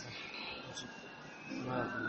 Thank you.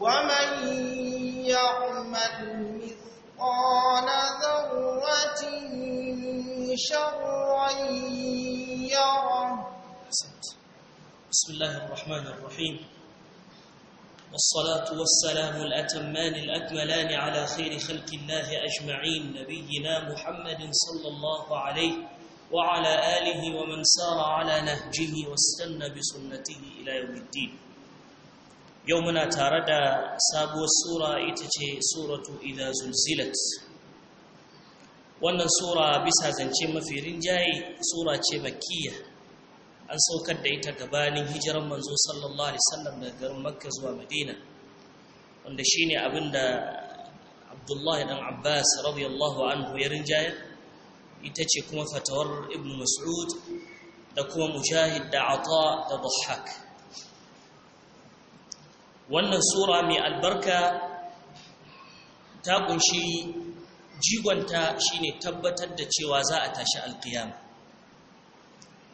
ومن يعمل مثقال ذرة شرا يره بسم الله الرحمن الرحيم والصلاة والسلام الأتمان الأكملان على خير خلق الله أجمعين نبينا محمد صلى الله عليه وعلى آله ومن سار على نهجه واستنى بسنته إلى يوم الدين yau muna tare da sabuwar sura ita ce suratu idan zulzilat wannan sura bisa zance mafi rinjaye sura ce makiyya an saukar da ita gabanin hijiran manzo sallallahu alaihi wasallam daga garin makka zuwa madina wanda shine abin da abdullahi dan abbas radiyallahu anhu ya rinjaye ita ce kuma fatawar ibn mas'ud da kuma mujahid da ata da dhahhak wannan sura mai albarka ta kunshi jigonta shine tabbatar da cewa za a tashi alkiyama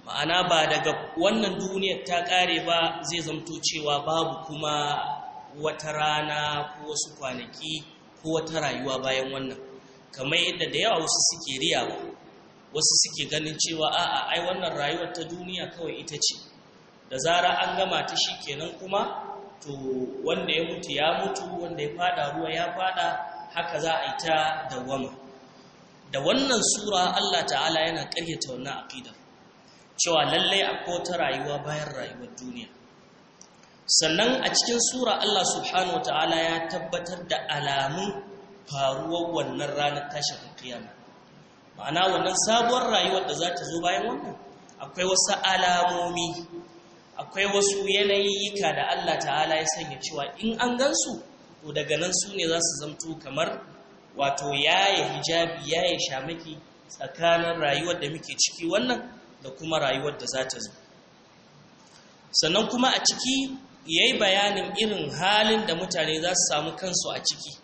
ma'ana ba daga wannan duniyar ta kare ba zai zamto cewa babu kuma wata rana ko wasu kwanaki ko wata rayuwa bayan wannan kamar yadda da yawa wasu suke riya ba wasu suke ganin cewa a'a ai wannan rayuwar ta duniya kawai ita ce da zara an gama ta shi kenan kuma to wanda ya mutu ya mutu wanda ya fada ruwa ya fada haka za a yi ta dawama da wannan sura Allah ta'ala yana ƙaryata wannan aqidar cewa lallai akwai ta rayuwa bayan rayuwar duniya sannan a cikin sura Allah subhanahu ta'ala ya tabbatar da alamun faruwar wannan ranar tashin kiyama ma'ana wannan sabuwar rayuwar da za ta zo bayan wannan akwai wasu alamomi akwai wasu yanayi yanayika da Allah ta'ala ya sanya cewa in an gansu to daga nan su ne za su zamto kamar wato yaye hijabi yaya shamaki tsakanin rayuwar da muke ciki wannan da kuma rayuwar da za ta zo sannan kuma a ciki ya yi bayanin irin halin da mutane za su samu kansu a ciki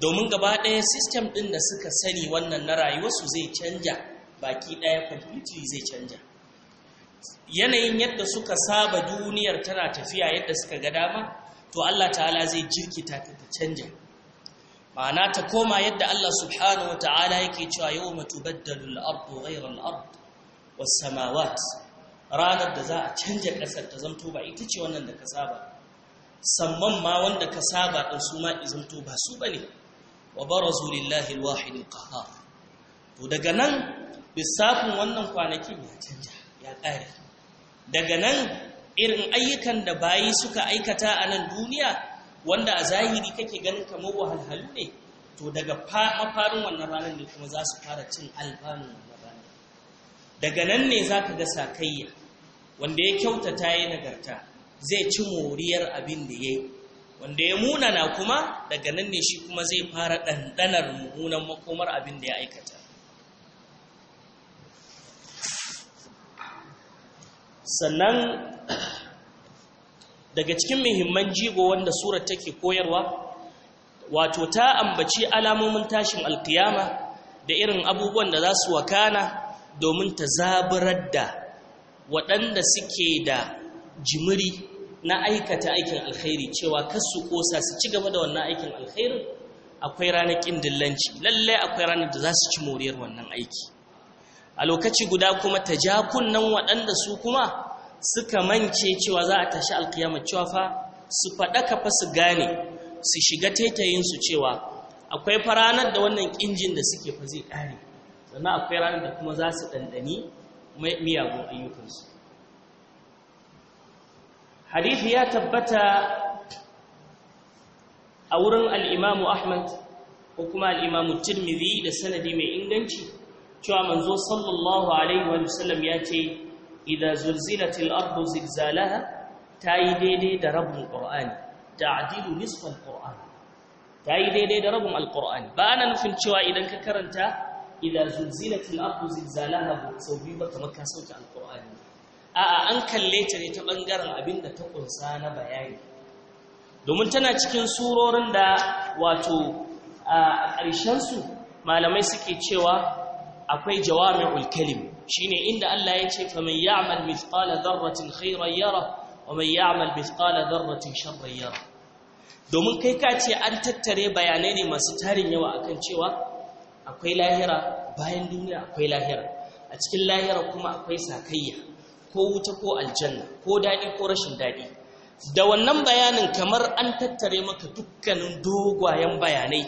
domin gaba ɗaya sistem ɗin da suka sani wannan na rayuwarsu zai canja baki ɗaya kwamfuti zai canja yanayin yadda suka saba duniyar tana tafiya yadda suka ga dama to Allah ta'ala zai jirkita ta ta canja ma'ana ta koma yadda Allah subhanahu wa ta'ala yake cewa yau tubaddalu al-ardu ghayra al was samawat ranar da za a canja kasar ta zanto ba ita ce wannan da ka saba samman ma wanda ka saba din su ma izanto ba su bane wa barazu lillahi al-wahid al-qahhar to daga nan lissafin wannan kwanakin ya canja ya ƙare daga nan irin ayyukan da bayi suka aikata a nan duniya wanda a zahiri kake ganin kamar wahalhalu ne to daga mafarin wannan ranar ne kuma za su fara cin alfanun wannan ranar daga nan ne za ka ga sakayya wanda ya kyautata ya nagarta zai ci moriyar abin da ya yi wanda ya munana kuma daga nan ne shi kuma zai fara ɗanɗanar mummunan makomar abin da ya aikata sannan daga cikin muhimman jigo wanda surar take koyarwa wato ta ambaci alamomin tashin alkiyama da irin abubuwan da za su wakana domin ta zaburar da waɗanda suke da jimiri na aikata aikin alkhairi cewa kasu ƙosa su ci gaba da wannan aikin alkhairi akwai ranar ƙin dillanci lallai akwai ranar da za su ci moriyar wannan aiki a lokaci guda kuma ta ja kunnan waɗanda su kuma suka mance cewa za a tashi alkiyama cewa fa su faɗaka fa su gane su shiga taitayinsu cewa akwai faranar da wannan ƙinjin da suke fa zai ƙare sannan akwai ranar da kuma za su ɗanɗani miyagun ayyukansu hadithi ya tabbata a wurin al'imamu ahmad ko kuma al'imamu tirmidhi da sanadi mai inganci cewa manzo sallallahu alaihi wa sallam ya ce idza zulzilatil ardu zilzalaha tayi daidai da rabin qur'ani ta'dilu nisfal qur'an tayi daidai da rabin alqur'ani ba na nufin cewa idan ka karanta idza zulzilatil ardu zilzalaha sau biyu ba kamar ka sauke alqur'ani a'a an kalle ta ne ta bangaren abinda ta kunsa na bayani domin tana cikin surorin da wato a ƙarshen su malamai suke cewa akwai jawami'ul kalim shine inda Allah ya ce faman ya'mal mithqala dharratin khairan yara wa man ya'mal mithqala dharratin sharran yara domin kai ka ce an tattare bayanai ne masu tarin yawa akan cewa akwai lahira bayan duniya akwai lahira a cikin lahira kuma akwai sakayya ko wuta ko aljanna ko dadi ko rashin dadi da wannan bayanin kamar an tattare maka dukkanin dogwayen bayanai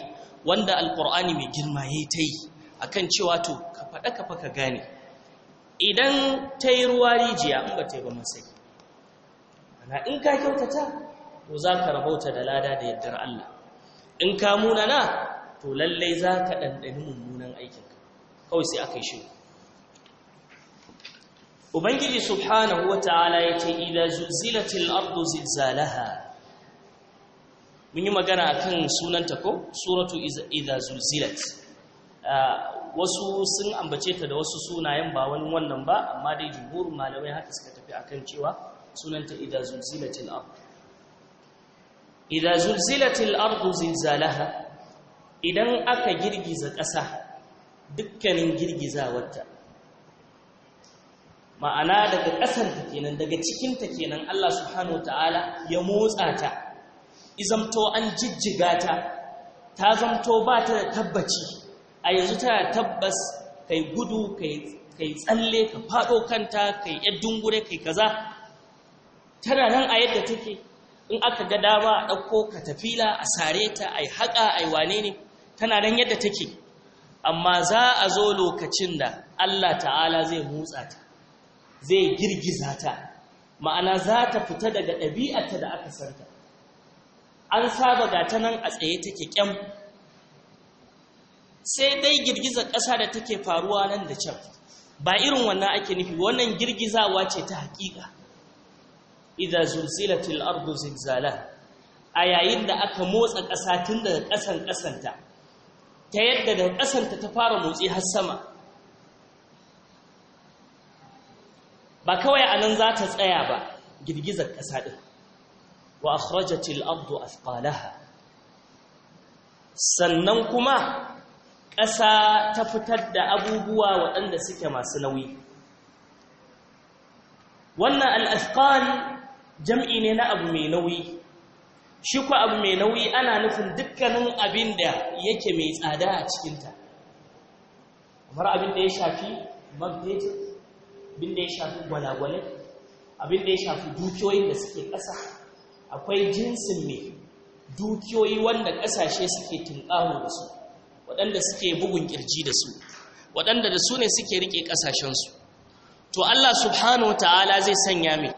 wanda alqur'ani mai girma yayi ta yi akan cewa to ka faɗa kafa ka gane idan ta yi ruwa rijiya in ba ta yi ba masai ana in ka kyautata to za ka rabauta da lada da yardar Allah in ka munana to lallai za ka ɗanɗani mummunan aikinka kawai sai aka yi shi ubangiji subhanahu wa ta'ala ya ce ila zuzilatil ardu zilzalaha mun yi magana akan sunanta ko suratu idza zuzilat wasu sun ambace ta da wasu sunayen ba wani wannan ba amma dai jumhurin malamai haka suka tafi a kan cewa sunanta idza zulzilatil ard idza zulzilatil ard zilzalaha idan aka girgiza ƙasa dukkanin girgizawarta ma'ana daga ƙasar ta kenan daga cikin ta kenan Allah subhanahu wataala ya motsa ta izamto an jijjiga ta ta zamto ba ta da tabbaci a yanzu tana tabbas kai gudu kai tsalle ka faɗo kanta kai yar dungure kai kaza tana nan a yadda take in aka ga dama a ɗauko ka tafila a sare ta ai haƙa ai wane ne tana nan yadda take amma za a zo lokacin da Allah ta'ala zai motsa ta zai girgiza ta ma'ana za ta fita daga ɗabi'arta da aka santa an saba ga ta nan a tsaye take kyam sai dai girgizar ƙasa da take faruwa nan da can ba irin wannan ake nufi wannan girgizawa ce ta haƙiƙa idza zulzilatil ardu zilzala a yayin da aka motsa ƙasa tun daga ƙasan ƙasanta ta yadda daga ƙasanta ta fara motsi har sama ba kawai a nan za ta tsaya ba girgizar ƙasa ɗin wa akhrajatil ardu athqalaha sannan kuma ƙasa ta fitar da abubuwa waɗanda suke masu nauyi wannan al'afkan jam'i ne na abu mai nauyi shi ku abu mai nauyi ana nufin dukkanin abin da yake mai tsada a cikinta kamar abin da ya shafi mabdeti abin da ya shafi gwalagwale abin da ya shafi dukiyoyin da suke ƙasa akwai jinsin mai dukiyoyi wanda ƙasashe suke tunƙaho da su waɗanda suke bugun ƙirji da su waɗanda da su ne suke riƙe ƙasashensu to Allah subhanahu wa ta'ala zai sanya mai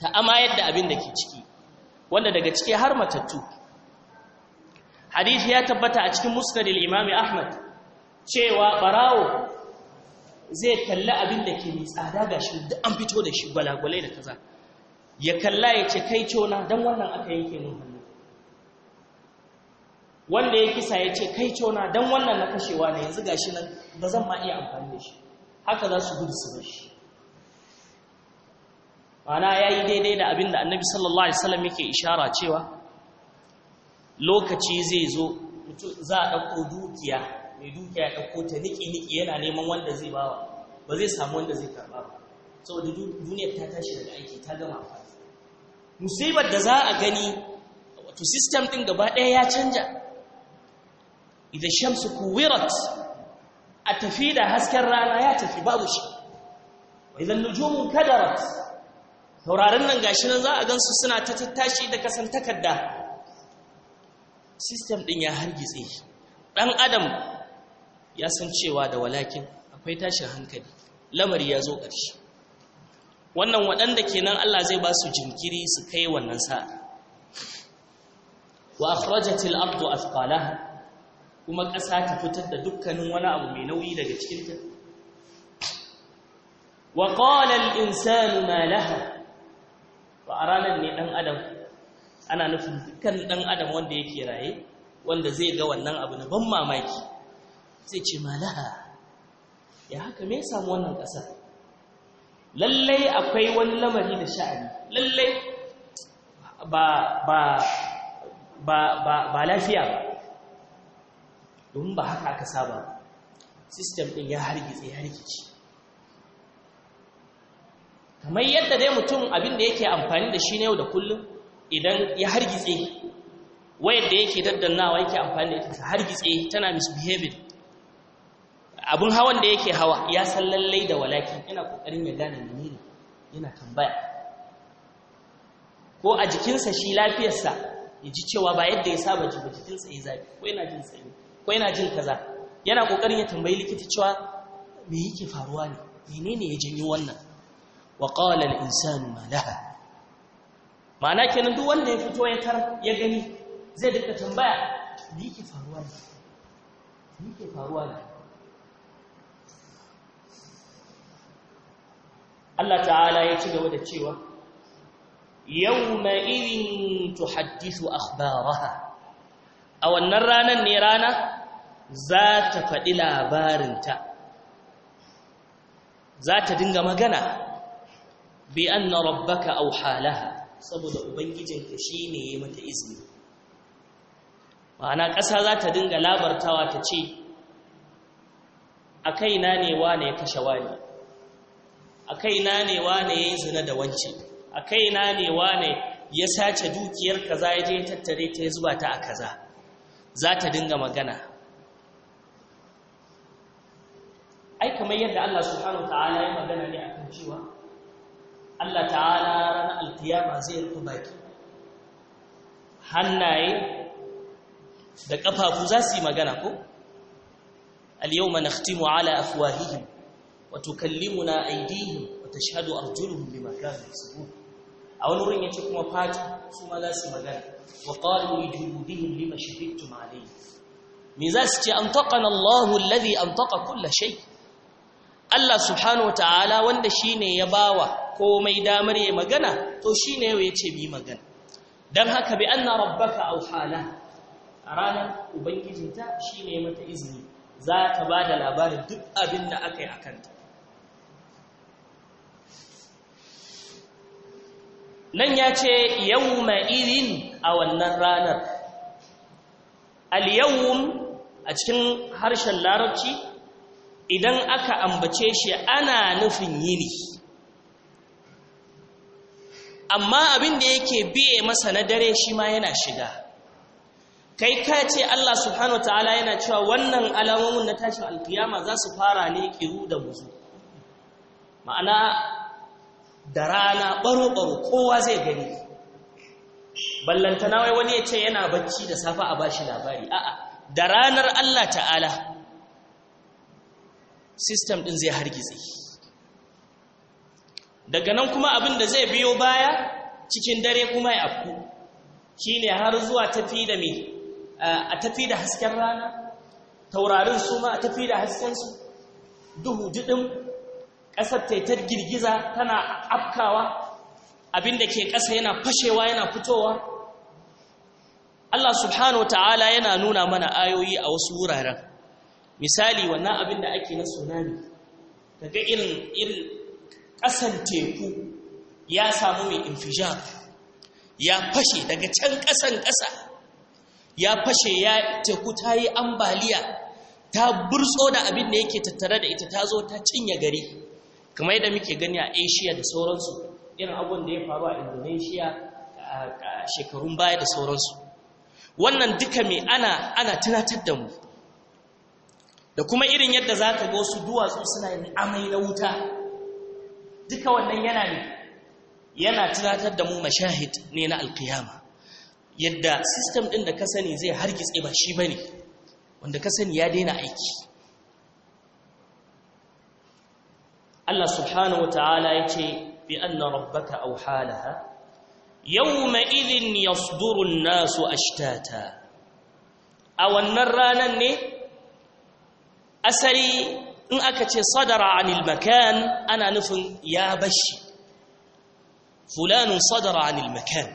ta amayar yadda abin da ke ciki wanda daga ciki har matattu hadith ya tabbata a cikin musnadil imami ahmad cewa barawo zai kalla abin da ke mai tsada ga shi da an fito da shi gwalagwalai da kaza ya kalla ya ce kai cona don wannan aka yanke nun wanda ya kisa ya ce kai cona don wannan na kashewa ne yanzu gashi nan ba zan ma iya amfani da shi haka za su gudu su bar shi mana ya yi daidai da abin da annabi sallallahu alaihi wasallam yake ishara cewa lokaci zai zo za a ɗauko dukiya mai dukiya ya ɗauko ta niki-niki yana neman wanda zai bawa ba zai samu wanda zai karɓa ba saboda duniyar ta tashi daga aiki ta gama amfani musibar da za a gani wato system ɗin gaba ɗaya ya canja idan shamsu kuwirat a tafi da hasken rana ya tafi babu shi wa idan nujumun kadarat taurarin nan gashi nan za a gansu suna ta tattashi da kasan takarda Sistem ɗin ya hargitse dan adam ya san cewa da walakin akwai tashin hankali lamari ya zo ƙarshe wannan waɗanda kenan Allah zai ba su jinkiri su kai wannan sa'a wa akhrajatil ardu athqalaha kuma ƙasa ta fitar da dukkanin wani abu mai nauyi daga cikinta wa qala al-insanu ma laha a ranar ne dan adam ana nufin dukkan dan adam wanda yake raye wanda zai ga wannan abu na ban mamaki zai ce ma laha ya haka me samu wannan ƙasa lallai akwai wani lamari da sha'ani lallai ba lafiya ba domin ba haka aka saba system ɗin ya hargitse ya rikici kamar yadda dai mutum abin da yake amfani da shi ne yau da kullum idan ya hargitse wayar da yake daddannawa yake amfani da ita hargitse tana misbehaving abin hawan da yake hawa ya san lallai da walaki yana kokarin ya gane menene yana tambaya ko a jikinsa shi lafiyarsa ya ji cewa ba yadda ya saba ba jikinsa ya zafi ko yana jin sanyi ko yana jin kaza yana kokarin ya tambayi likita cewa me yake faruwa ne menene ya janyo wannan wa qala al insanu ma laha ma'ana kenan duk wanda ya fito ya tar ya gani zai duka tambaya me yake faruwa ne me yake faruwa ne Allah ta'ala ya ci gaba da cewa yawma idin tuhaddithu akhbaraha a wannan ranar ne rana za ta faɗi labarinta za ta dinga magana bi na rabbaka au halaha saboda ubangijinka ya yi mata izini ma'ana ƙasa za ta dinga labartawa ta ce a kaina ne wane ya kashe wani a kaina ne wane ya yi zina da wance a kaina ne wane ya sace dukiyar kaza ya je tattare ta ya zuba ta a kaza za ta dinga magana ai kamar yadda Allah subhanahu ta'ala ya magana ne akan cewa Allah ta'ala ranar alkiyama zai rufe baki hannaye da kafafu za su yi magana ko al-yawma nakhtimu ala afwahihim wa tukallimuna aydihim wa tashhadu arjuluhum bima kanu yasbun a wani wurin yace kuma fata su ma za su yi magana wa qalu li lima shahidtum alayhi me za su ce an taqana Allahu alladhi antaqa kull shay' Allah subhanahu ta'ala wanda shine ya bawa komai damar ya magana to shine yau yace bi magana dan haka bi anna rabbaka aw hala a ranar ubangijinta shine mata izini za ta ba da labarin duk abin da aka yi a kanta nan ya ce yau irin a wannan ranar al-yawun a cikin harshen larabci idan aka ambace shi ana nufin yini amma abin da yake biye masa na dare shi ma yana shiga kai ka ce Allah subhanahu wataala yana cewa wannan alamomin na tashin alkiyama za su fara ne kiru da buzu ma'ana da rana baro-baro kowa zai gani ballantana wai wani ya ce yana bacci da safa a bashi labari a'a da ranar Allah ta'ala system din zai hargitse daga nan kuma abin da zai biyo baya cikin dare kuma ya afku shine har zuwa tafi da me eh, a tafi da hasken rana taurarin su ma a tafi da hasken su duhu didin ƙasar taitar girgiza tana afkawa abin da ke ƙasa yana fashewa yana fitowa Allah subhanahu wa ta'ala yana nuna mana ayoyi a wasu wuraren misali wannan abin da ake na tsunami daga irin irin ƙasan teku ya samu mai infijan, ya fashe daga can ƙasan ƙasa ya fashe ya teku ta yi ambaliya ta burtso da abin da yake tattare da ita ta zo ta cinye gari kamar yadda muke gani a asia da sauransu irin abin da ya faru a indonesia a shekarun baya da sauransu wannan duka mai ana tunatar da mu da kuma irin yadda za ka wasu duwatsu suna yin amai na wuta duka wannan yana ne yana tunatar da mu mashahid ne na alkiyama yadda sistem ɗin da ka sani zai hargitse ba shi ba ne wanda ka sani ya daina aiki Allah subhanahu wa ta'ala ya ce bi anna rabbaka au halaha yawma idhin yasdurun nasu ashtata a wannan ranar ne asali in aka ce sadara a Nilmakan ana nufin ya bashi fulanun sadara a Nilmakan,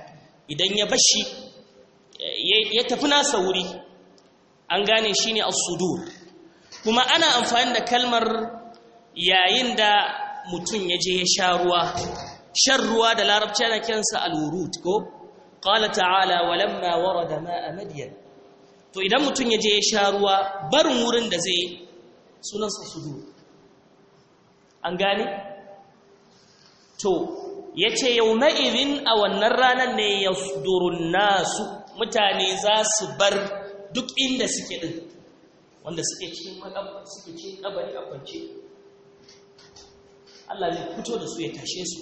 idan ya bashi ya tafi nasa wuri an gane shi ne al-sudur kuma ana amfani da kalmar yayin da mutum ya je ya sha ruwa shan ruwa da larabci ana kiransa al-wurud ko qala ta'ala walamma warada ma'a madyan to idan mutum ya je ya sha ruwa barin wurin da zai sunansa sudur an gani? to ya ce yauna irin a wannan ranar ne ya durun nasu mutane za su bar duk inda suke ɗin wanda suke cikin maɗaɓa suke cikin ɗabari a kwance Allah zai fito da su ya tashe su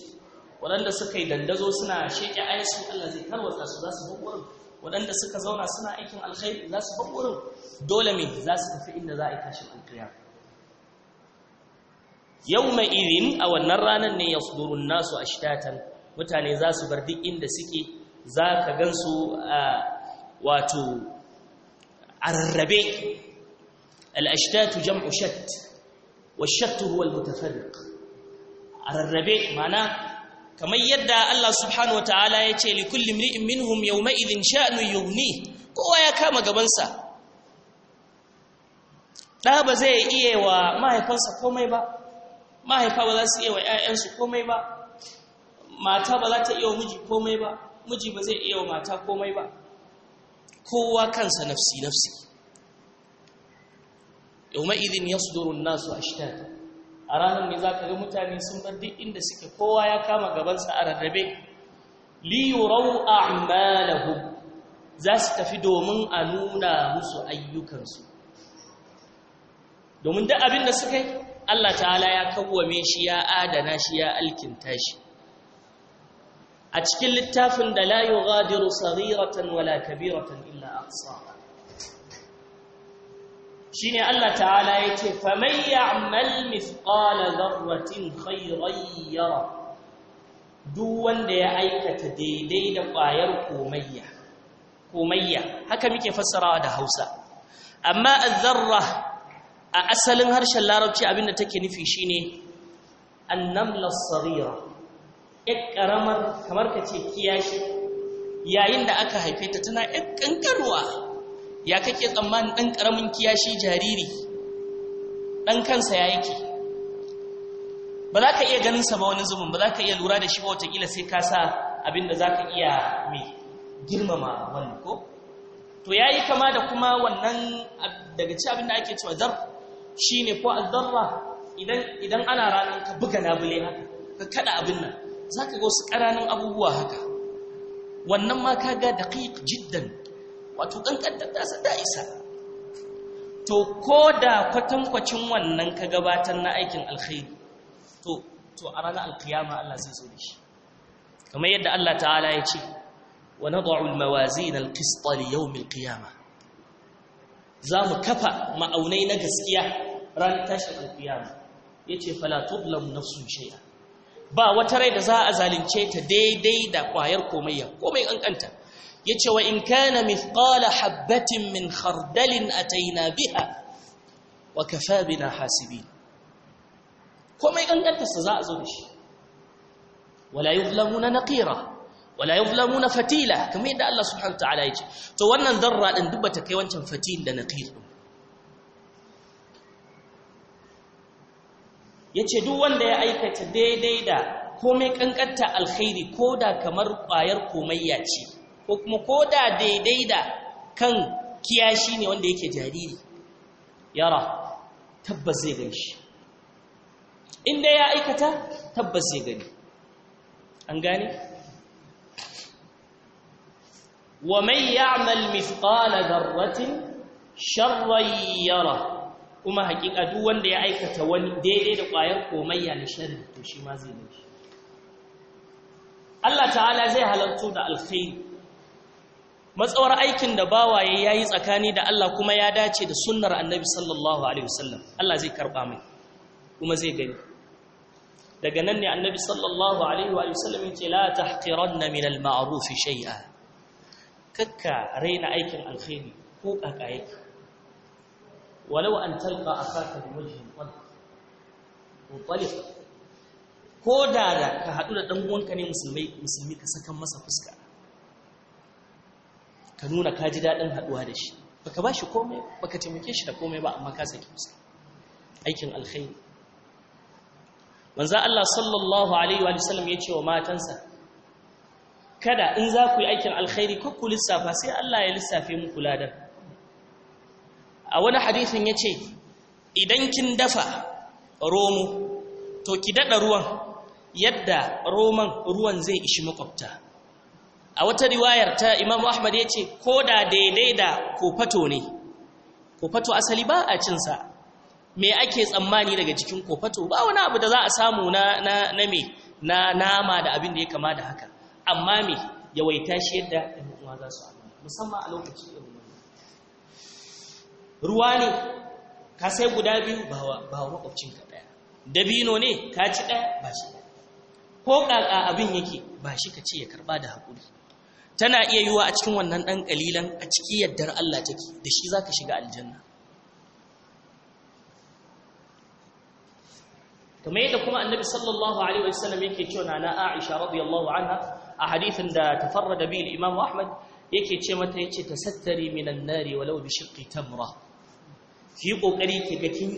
waɗanda suka yi dandazo suna sheƙe ayansu Allah zai tarwatsa su za su bar wurin waɗanda suka zauna suna aikin alkhairi za su bar dole me za su tafi inda za a yi tashin alkiyama mai idhin a wannan ranar ne yasdurun nasu ashtatan mutane za su bar duk inda suke za ka gansu wato arrabe al jam'u shatt wa shatt huwa al-mutafarriq arrabe ma'ana kamar yadda Allah subhanahu Ta'ala ya ce likulli imri'in minhum yawma idhin sha'nu yughni kowa ya kama gabansa da ba zai iya wa mahaifansa komai ba mahaifa ba za su iya wa 'ya'yansu komai ba mata ba za ta iya wa miji komai ba miji ba zai iya wa mata komai ba kowa kansa nafsi nafsi Yau yawma ya su an-nasu ashtata a ranar ne ka ga mutane sun bar duk inda suke kowa ya kama gabansa a rarrabe li a malahu za su tafi domin a nuna musu ayyukansu domin duk abin da suka yi Allah ta'ala ya kawwame shi ya adana shi ya alkinta shi a cikin littafin da la yughadiru saghiratan wala kabiratan illa aqsaha shine Allah ta'ala yake faman ya'mal mithqala dharratin khayran yara duk wanda ya aikata daidai da ƙwayar komayya komayya haka muke fassarawa da Hausa amma az-zarra a asalin harshen larabci abinda take nufi shine annamla sarira ƴar ƙaramar kamar ka ce kiyashi yayin da aka haife ta tana ƴar ƙanƙarwa ya kake tsammanin ɗan ƙaramin kiyashi jariri ɗan kansa ya yake ba za ka iya ganinsa ba wani zubin ba za ka iya lura da shi ba watakila sai ka sa abin za ka iya mai girmama wani ko to ya yi kama da kuma wannan daga ci abin ake cewa zarfi shine ko azzarra idan idan ana ranar ka buga labule haka ka kada abin nan zaka ga wasu ƙananan abubuwa haka wannan ma kaga daqiq jiddan wato kankan da tasa da isa to ko da kwatankwacin wannan ka gabatar na aikin alkhairi to a ranar alkiyama Allah zai zo da shi kamar yadda Allah ta'ala ya ce wa nad'u al-mawazin al-qist li yawm al za mu kafa ma'aunai na gaskiya ranar tashin alkiyama ya ce fala na nafsun shay'a ba wata rai da za a zalunce ta daidai da kwayar komayya komai ƙanƙanta. ya ce wa in kana mithqala habbatin min khardalin ataina biha wa kafa bina hasibin komai kankanta sa za a zo da shi wala yuzlamuna naqira wala yuzlamuna fatila kamar yadda Allah subhanahu wataala yake to wannan zarra din duk bata kai wancan fatil da naqir din Ya ce duk wanda ya aikata daidai da komai kankanta alkhairi ko da kamar ƙwayar komayya ce ko kuma koda daidai da kan kiyashi ne wanda yake jariri yara tabbas zai gani shi inda ya aikata tabbas zai gani an gane wa man ya'mal mithqala dharratin sharran yara kuma hakika duk wanda ya aikata wani daidai da ƙwayar komayya na sharri to shi ma zai nufi Allah ta'ala zai halarto da alkhairi matsawar aikin da bawaye yi tsakani da Allah kuma ya dace da sunnar Annabi sallallahu alaihi wasallam Allah zai karɓa mai kuma zai gani daga nan ne Annabi sallallahu alaihi wasallam yace la tahqiranna min al-ma'ruf shay'a kakka raina aikin alkhairi ko kaka yake walau an talqa akaka bi wajhin mutalib ko da da ka haɗu da ɗan uwanka ne musulmai musulmi ka sakan masa fuska ka nuna ka ji daɗin haɗuwa da shi baka ba shi komai baka taimake shi da komai ba amma ka saki fuska aikin alkhairi manzo Allah sallallahu alaihi wa sallam ya ce wa matansa kada in za ku yi aikin alkhairi ku lissafa sai Allah ya lissafe muku ladan a wani hadisin ya ce idan kin dafa romo to ki daɗa ruwan yadda roman ruwan zai ishi makwabta a wata riwayar ta imam ahmad ya ce ko da daidai da kofato ne kofato asali ba a cinsa me ake tsammani daga jikin kofato ba wani abu da za a samu na, na, me na nama da abin da ya kama da haka amma me yawaita shi yadda ɗan uwa za su musamman a lokacin ruwa ne ka sai guda biyu ba wa makwabcinka ɗaya dabino ne ka ci ɗaya ba shi ko ƙaƙa abin yake ba shi ka ce ya karɓa da haƙuri tana iya yiwa a cikin wannan ɗan ƙalilan a ciki yaddar Allah take da shi za ka shiga aljanna kamar yadda kuma annabi sallallahu alaihi sallam yake cewa nana Aisha radiyallahu anha a hadithin da tafarrada bi al-Imam Ahmad yake ce mata yace tasattari minan nari walau bi shiqqi tamra ki kokari ki ga kin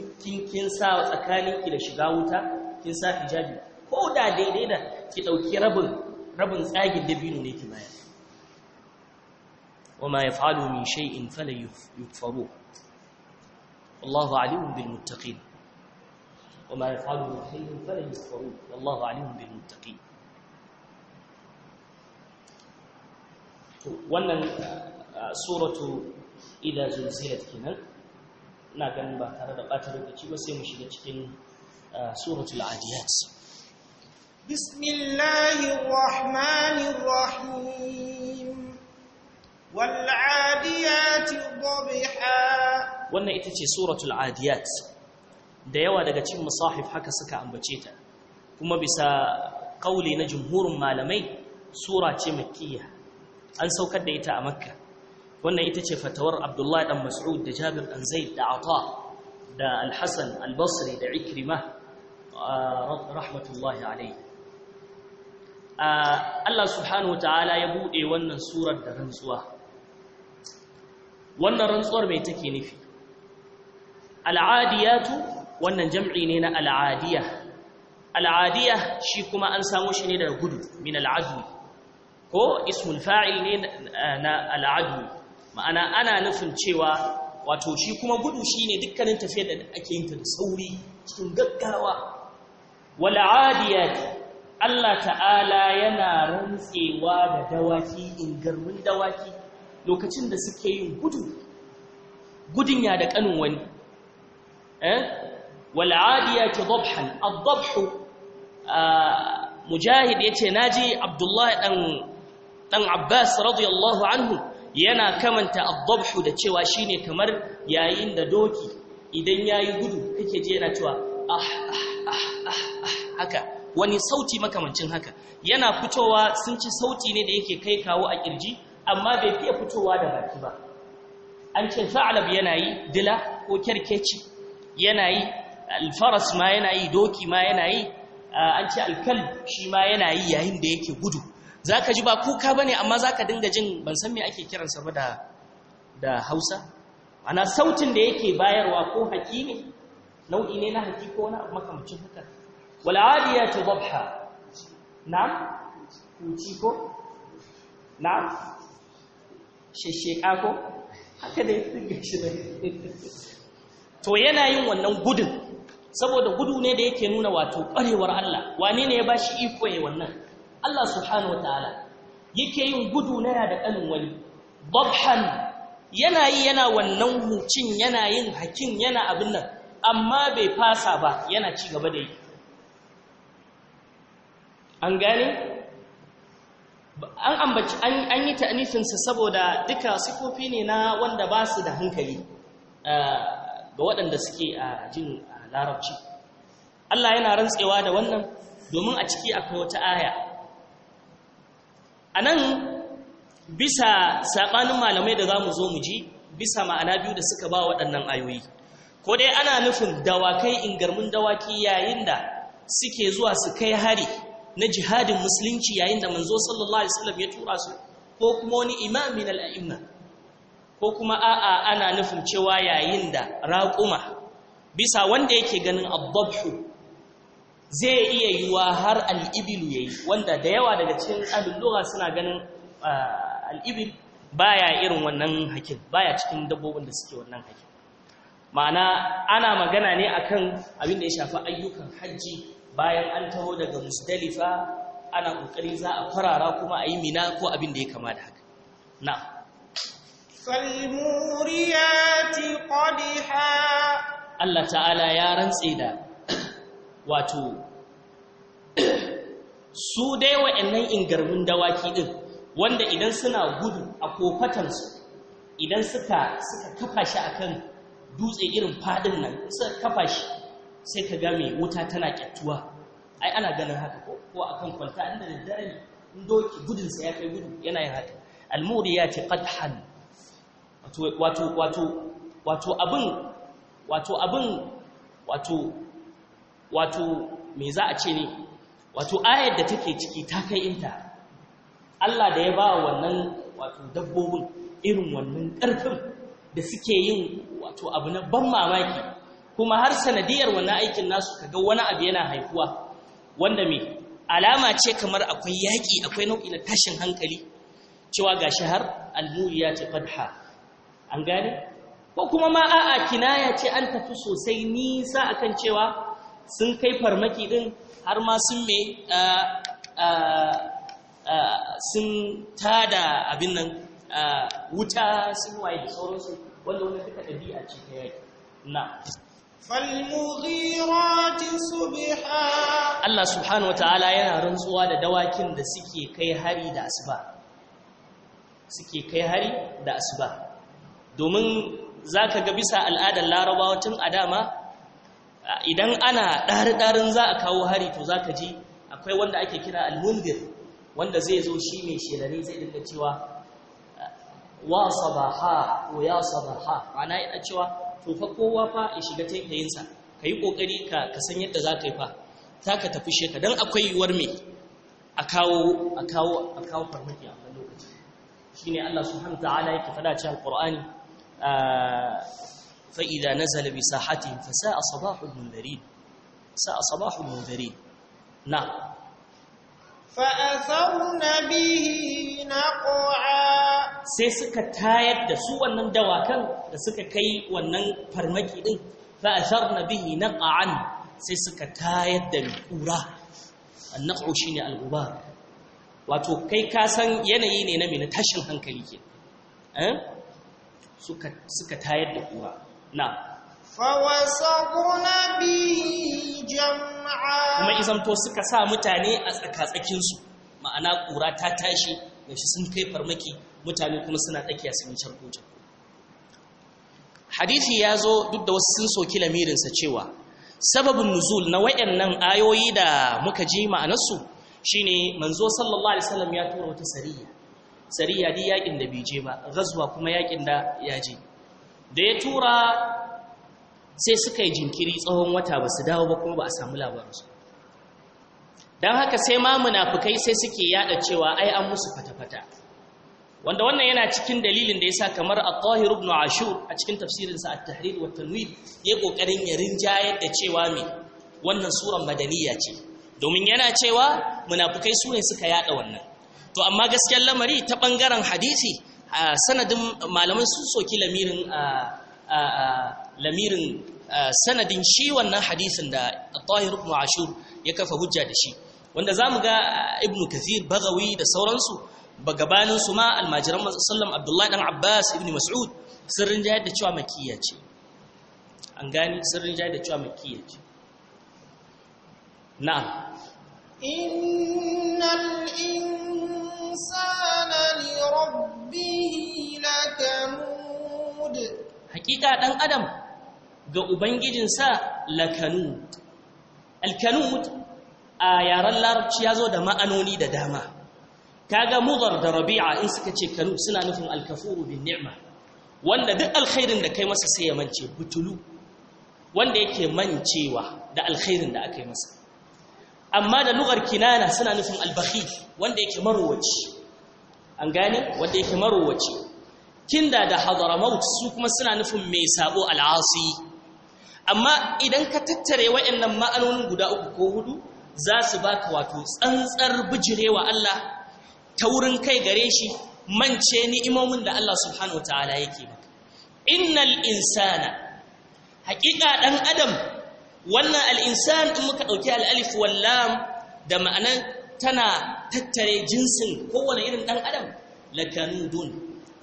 kin sa tsakanin ki da shiga wuta kin sa hijabi ko da daidai da ki dauki rabin rabin tsagin da dabino ne ki bayar wama yaf'alu min shay'in fala yufaru wallahu alimun bil muttaqin wama yaf'alu min shay'in fala yufaru wallahu alimun bil muttaqin to wannan suratu idza zulzilat kinan ina ganin ba tare da ɓata lokaci ba sai mu shiga cikin ah, suratul adiyat bismillahir wal adiyati dhabiha wannan ita ce suratul adiyat da yawa daga cikin musahif haka suka ambace ta kuma bisa kauli na jumhurin malamai sura ce makkiyya an saukar da ita a makka wannan ita ce fatawar abdullahi dan mas'ud da jabir dan zaid da ata da al albasri al-basri da ikrima ah, rahmatullahi alayhi ah, Allah subhanahu ta'ala ya bude wannan surar da rantsuwa wannan rantsuwar mai take nufi al'adiyatu wannan jam'i ne na al'adiya al'adiya shi kuma an samu shi ne daga gudu min al'adu ko ismul fa'il ne eh, na al'adu ma'ana ana nufin cewa wato shi kuma gudu shine dukkanin tafiyar da ake yin ta da sauri cikin gaggawa wal adiyat Allah ta'ala yana rantsewa da dawaki ingarmin dawaki lokacin da suke yin gudu gudun ya da kanin wani eh wal adiyat dhabhan ad-dhabhu mujahid yace naji Abdullahi dan dan Abbas radiyallahu anhu yana kamanta addabhu da cewa shine kamar yayin da doki idan yayi gudu kake ji yana cewa ah ah, ah ah ah haka wani sauti makamancin haka yana fitowa sun ci sauti ne da yake kai kawo a kirji amma bai fiye fitowa da baki ba an ce sa'alab yana yi dila ko kerkeci yana yi alfaras ma yana yi doki ma yana an ce alkal shi ma yana yi yayin da yake gudu za ka ji ba kuka ba ne amma za ka dinga jin ban san me ake kiransa ba da hausa ana sautin da yake bayarwa ko haƙi ne nau'i ne na haƙi ko wani abu makamacin haka ya ce babha na kuci ko na shesheka ko haka da ya dinga shi da to yana yin wannan gudun saboda gudu ne da yake nuna wato ƙwarewar Allah wane ne ya ba shi iko ya wannan Allah subhanahu wataala yake yin gudu na da ɗanin wani babhan yana yi yana wannan hucin yana yin hakin yana abin nan amma bai fasa ba yana ci gaba da yi an gane an ambaci an yi ta'anifinsa saboda duka sifofi ne na wanda ba su da hankali eh, ga waɗanda suke a jin larabci Allah yana rantsewa da wannan domin a ciki akwai wata aya a nan bisa saɓanin malamai da za mu zo mu ji bisa ma'ana biyu da suka ba waɗannan ayoyi ko dai ana nufin dawakai ingarmin dawaki yayin da suke zuwa su kai hari na jihadin musulunci yayin da manzo sallallahu alaihi wasallam ya tura su ko kuma wani na al'imma ko kuma a'a ana nufin cewa yayin da raƙuma bisa wanda yake ganin abbabhu zai iya yiwa har al'ibilu ya yi wanda da yawa daga cikin alulluwa suna ganin ah, al'ibil baya irin wannan hakin baya cikin dabbobin da suke wannan hakin ma'ana ana magana ne akan abin da ya shafi ayyukan hajji bayan an taho daga musdalifa ana ƙoƙari za a farara kuma a yi mina ko abin da ya kama da haka na Allah ta'ala ya rantse da wato su dai wa'annan ingarmin dawaki din wanda idan suna gudu a kofatansu idan suka suka kafa shi akan dutse irin fadin nan suka kafa shi sai ka ga mai wuta tana kyattuwa ai ana ganin haka ko ko akan kwanta inda daddare ne in doki gudunsa ya kai gudu yana yin haka almuriyati qadhan wato wato wato wato abin wato abin wato wato me za a ce ne wato ayar da take ciki ta kai inta Allah da ya ba wa wannan wato dabbobin irin wannan ƙarfin da suke yin wato abu na ban mamaki kuma har sanadiyar wannan aikin nasu kaga wani abu yana haifuwa wanda me alama ce kamar akwai yaƙi akwai nau'i na tashin hankali cewa ga shahar al-muriya ce fadha an gane ko kuma ma a'a kinaya ce an tafi sosai nisa akan cewa sun kai farmaki din har ma sun me sun tada abin nan wuta sun waye da sauransu wanda wani duka ɗabi'a ce ta yaki na فالمغيرات subha Allah subhanahu wataala yana rantsuwa da dawakin da suke kai hari da asuba suke kai hari da asuba domin zaka ga bisa al'adar larabawa tun a dama idan ana ɗari-ɗarin za a kawo hari to za ka ji akwai wanda ake kira almundir wanda zai zo shi mai shirari zai dinga cewa wa sabaha ko ya sabaha yi a cewa to fa kowa fa ya shiga taikayinsa ka yi ƙoƙari ka san yadda za ka yi fa za ka tafi ka don akwai yiwuwar me a kawo a kawo a kawo farmaki a wannan lokaci shine Allah subhanahu wa ta'ala yake faɗa cikin Qur'ani ah, فإذا نزل بساحتهم فساء صباح المنذرين ساء صباح المنذرين نعم فأثرن به نقعا sai suka tayar da su wannan dawakan da suka kai wannan farmaki din fa asharna bihi naqan sai suka tayar da kura annaqu shine alguba wato kai ka san yanayi ne na mina tashin hankali ke suka suka tayar da kura na fawasaquna jam'a kuma izanto suka sa mutane a tsakatsakinsu, tsakinsu ma'ana ƙura ta tashi shi sun kai farmaki mutane kuma suna tsakiya sun charko charko Hadithi ya zo duk da wasu sun soki lamirinsa cewa sababin nuzul na wayannan ayoyi da muka ji ma'anarsu shine manzo sallallahu alaihi sallam, ya tura wata sariya sariya dai yaƙin da bai je ba ghazwa kuma yaƙin da ya je da ya tura sai suka yi jinkiri tsohon wata ba su dawo ba kuma ba a samu labarinsu don haka sai ma munafukai sai suke yada cewa ai an musu fata-fata wanda wannan yana cikin dalilin da ya sa kamar a tahir ibn ashur a cikin tafsirinsa a tahrir wa tanwir ya kokarin ya rinjayar da cewa me wannan suran madaniya ce domin yana cewa munafukai su ne suka yada wannan to amma gaskiyar lamari ta bangaren hadisi sanadin malaman sun soki lamirin lamirin sanadin shi wannan hadisin da Tahir ibn Ashur ya kafa hujja da shi wanda zamu ga Ibn Kathir Baghawi da sauransu ba gabanin su ma almajiran manzo sallam Abdullahi dan Abbas ibn Mas'ud sirrin jayar da cewa makiyya ce an gani sirrin jayar da cewa makiyya ce na'am innal in الإنسان لربه لكنود حقيقة أن Adam ga Ubangijinsa lakanud. Alkanud a yaren larabci ya zo da ma'anoni da dama. Kaga mudar da rabi'a in suka ce kanud suna nufin alkafuru bin ni'ma, wanda duk alkhairin da kai masa sai ya mance butulu, wanda yake mancewa da alkhairin da aka yi masa. amma da lugar kinana suna nufin albakhil wanda yake marowaci an gane wanda yake marowaci kinda da hadramaut su kuma suna nufin mai sabo al'asi amma idan ka tattare waɗannan ma'anonin guda uku ko hudu za su baka wato tsantsar bijirewa Allah ta wurin kai gare shi mance ni'imomin da Allah subhanahu wataala yake maka innal insana haƙiƙa ɗan adam wannan al'insan in muka ɗauki al'alif wallam da ma'anan tana tattare jinsin kowane irin ɗan adam lakanudun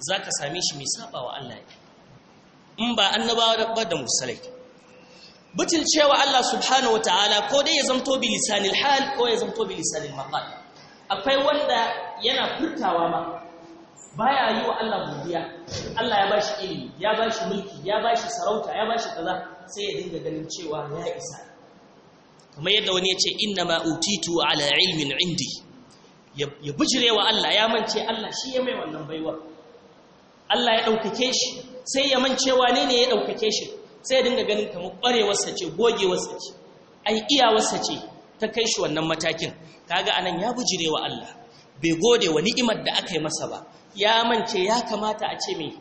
za ka sami shi mai saba wa Allah in ba annabawa ba da musalai butul cewa Allah subhanahu wa ta'ala ko dai ya zamto bi lisanil hal ko ya zamto bi lisanil maqal akwai wanda yana furtawa ma baya yi wa Allah godiya Allah ya bashi ilimi ya bashi mulki ya bashi sarauta ya bashi kaza sai ya dinga ganin cewa ya isa kamar yadda wani ya ce inna ma utitu ala ilmin indi ya bijire wa Allah ya mance Allah shi ya mai wannan baiwa Allah ya ɗaukake shi sai ya mance wa ne ya ɗaukake shi sai ya dinga ganin kamar ƙwarewarsa ce gogewarsa ce ai iyawarsa ce ta kai shi wannan matakin kaga anan ya bijire wa Allah bai gode wa ni'imar da aka yi masa ba ya mance ya kamata a ce mai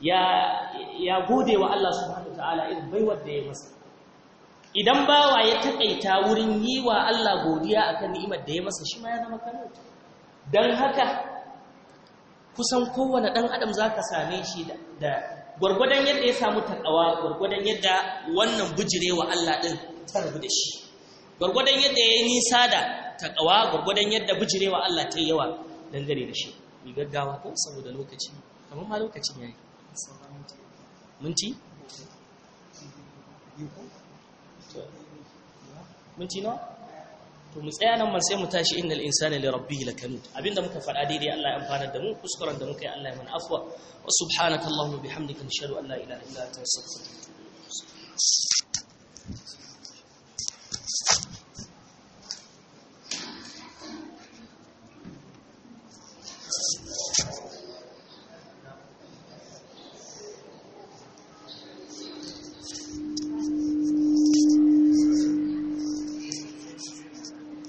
ya gode wa Allah subhanahu ta'ala irin baiwar da ya masa idan bawa ya takaita wurin yi wa Allah godiya akan ni'imar da ya masa shi ma ya zama karauta dan haka kusan kowane dan adam zaka same shi da gwargwadon yadda ya samu takawa gwargwadon yadda wannan bujirewa Allah din ta rabu da shi gwargwadon yadda ya yi nisa da takawa gwargwadon yadda bujirewa Allah ta yi yawa dangane da shi mi gaggawa ko saboda lokaci kamar ma lokacin yayi minti minti na to mu tsaya nan sai mu tashi innal insana li rabbihi lakanut abinda muka faɗa daidai Allah ya amfana da mu kuskuren da muka yi Allah ya mana afwa wa subhanakallahumma bihamdika nashhadu an la ilaha illa anta astaghfiruka wa atubu